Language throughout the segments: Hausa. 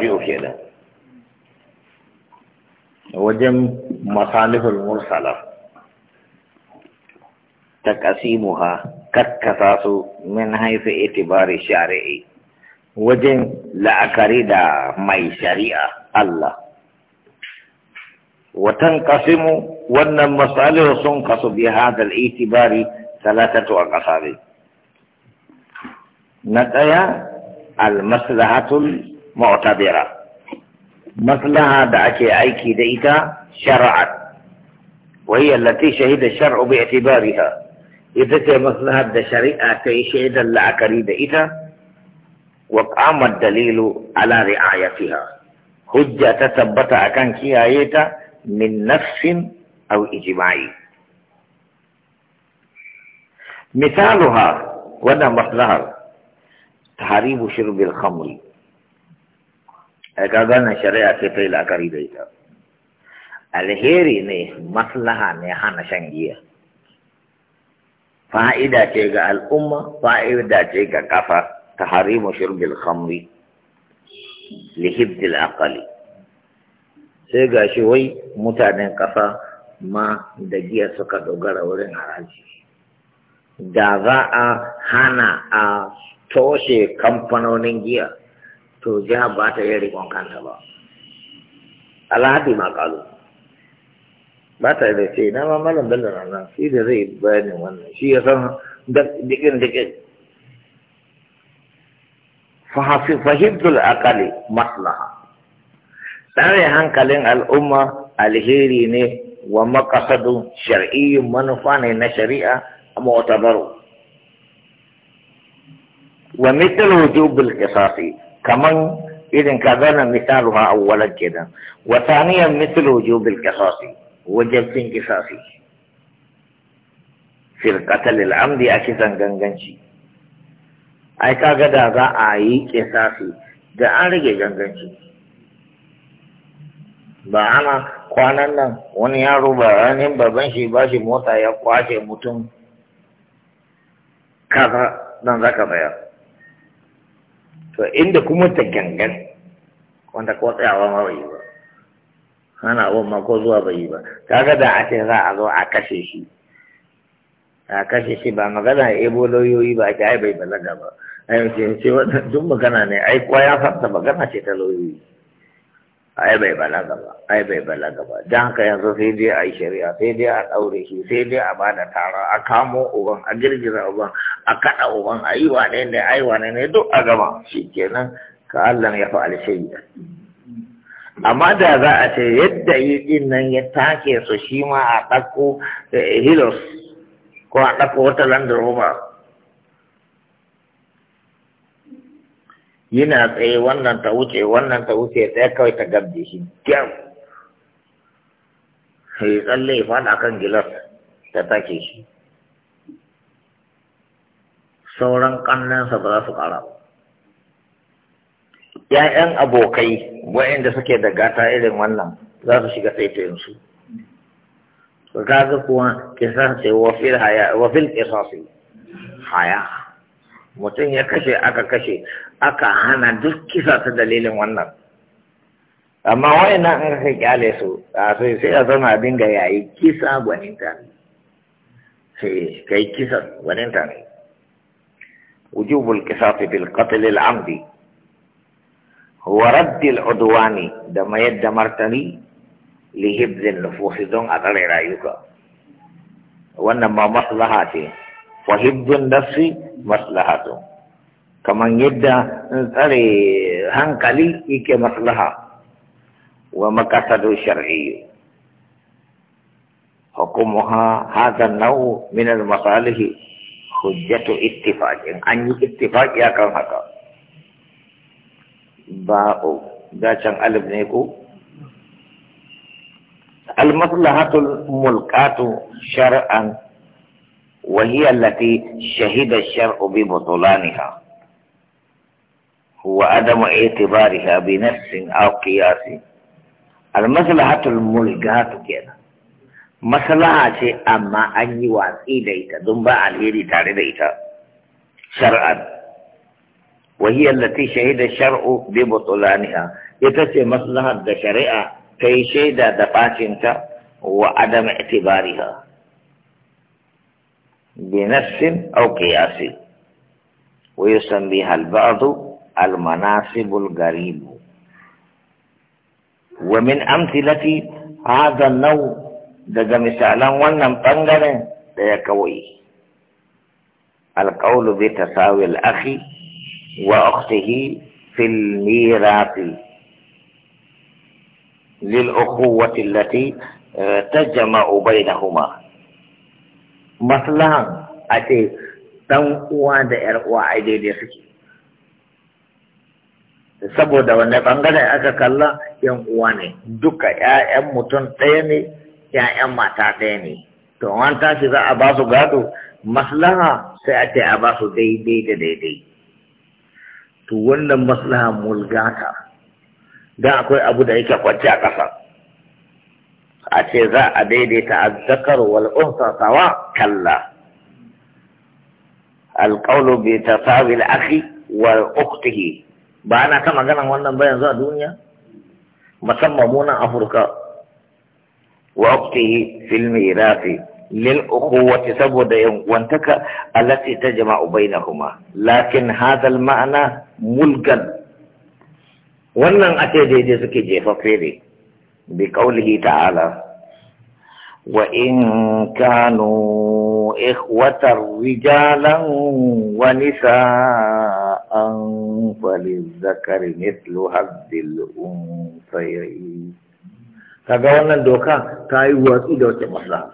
تابعه كده وجم مصانف المرسلة تقسيمها ككساس من حيث اعتبار الشارعي وجم لأكريدا مي شريعة الله وتنقسم وأن المصالح تنقص بهذا الاعتبار ثلاثة أقسام نتيا المصلحة معتبرة هذا أكي أيكي دئتا شرعت وهي التي شهد الشرع باعتبارها إذا كان مثل هذا شريعة كي شهد العكري دئتا وقام الدليل على رعايتها حجة تثبت أكان كيايتا من نفس أو إجماعي مثالها وانا مثلها تحريب شرب الخمر ai eh, ka zanen shari'a sai ta yi la'akari da ita alheri ne maslaha ne hana shan giya fa'ida ce ga al'umma fa'ida ce ga kafa ta harimu shirbil khamri lihibdil akali sai ga shi wai mutanen ƙasa ma da giya suka dogara wurin haraji da za a hana a toshe kamfanonin giya to jiha ba ta yi rikon kanta ba alhadi ma kalu ba ta da ce na mamalan bello na nan shi da zai bayanin wannan shi ya san dikin dikin fahimtul akali maslaha tsare hankalin al'umma alheri ne wa makasadun shar'iyyun manufa ne na shari'a a mu'tabaru wa mithlu wujubul qisasi kaman irin kaza nan misalu ha awwalan kenan wa thaniyan mithlu wujubil qisasi wajibin qisasi fil qatl al amdi a kisan ganganci ai kaga da za a yi qisasi da an rage ganganci ba ana kwanan nan wani yaro ba ranin baban shi ba shi mota ya kwashe mutum kaza dan zaka bayar to inda kuma ta gangan wanda ko tsayawa ma bai yi ba hana abun ma ko zuwa bai yi ba kaga da a ce za a zo a kashe shi a kashe shi ba magana ya ebo lauyoyi ba ake ai bai balaga ba ai ce ce duk magana ne ai kwaya farta magana ce ta lauyoyi ai bai balaga ba ai bai balaga ba dan haka yanzu sai dai a yi shari'a sai dai a daure shi sai dai a bada tara a kamo uban a girgiza uban a kada uban a yi wa ne ai wa ne duk a gaba, shikenan ka Allah ya fa'al shay'a amma da za a ce yadda yi din nan ya take su shi ma a dako eh, hilos ko a dako wata landrover yana tsaye wannan ta wuce wannan ta wuce tsaye kawai ta gabje shi kyau sai tsalle ya fada kan gilas ta take shi sauran kannansa ba za su kara ba ‘ya'yan abokai waɗanda suke da gata irin wannan za su shiga taitayinsu. Ka ga kuwa kisa ce wafil haya wafil haya mutum ya kashe aka kashe aka hana duk kisa ta dalilin wannan amma na an kai kyale su a sai sai a zama ya yayi kisa gwaninta sai kai kisa gwaninta ne wujubul qisas bil qatl amdi wa radd al udwani da mayar da martani li hibz al don a tsare rayuka wannan ma maslaha ce وحب النفس مصلحته كما يدى نتري هنكلي إيك مصلحة ومكسد شرعي حكمها هذا النوع من المصالح حجة اتفاق أن اتفاق يا كان هكا باء دا كان المصلحة الملكات شرعا وهي التي شهد الشرع ببطلانها هو عدم اعتبارها بنفس أو قياس المصلحة الملقاه كده مصلحة شيء أما أن يوان اليك دنبا عليه لتاري شرعا وهي التي شهد الشرع ببطلانها يتسي مصلحة شريعة كي شهد دفاتنتا وعدم اعتبارها بنفس أو قياس ويسميها البعض المناصب القريب ومن أمثلة هذا النوع دقى مثالا ونم طنقر ليكوي القول بتساوي الأخ وأخته في الميراث للأخوة التي آه، تجمع بينهما maslahan a ce dan uwa da yar uwa ai daidai suke saboda wanne bangaren aka kalla yan uwa ne duka ƴaƴan mutum ɗaya ne ƴaƴan mata ɗaya ne to an tashi za a ba su gado maslaha sai a ce a ba su daidai da daidai to wannan maslaha mulgata dan akwai abu da yake kwance a ƙasa a ce za a daidaita azzakar wal unsa sawa kalla alqawlu bi tasawi al akhi wal ukhtihi ba ana ta maganan wannan ba yanzu a duniya musamman mu nan Afirka wa ukhtihi fil mirasi lil ukhuwati saboda yan uwantaka allati tajma'u bainahuma lakin hadha al ma'ana mulgan wannan a ce daidai suke jefaffe ne بقوله تعالى وإن كانوا إخوة رجالا ونساء فللذكر مثل حد الأنثيين هذا هو الدوكا تاي واتي دوكا مصلحة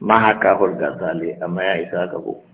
ما هكا هو الغزالي أما يا إساك أبوه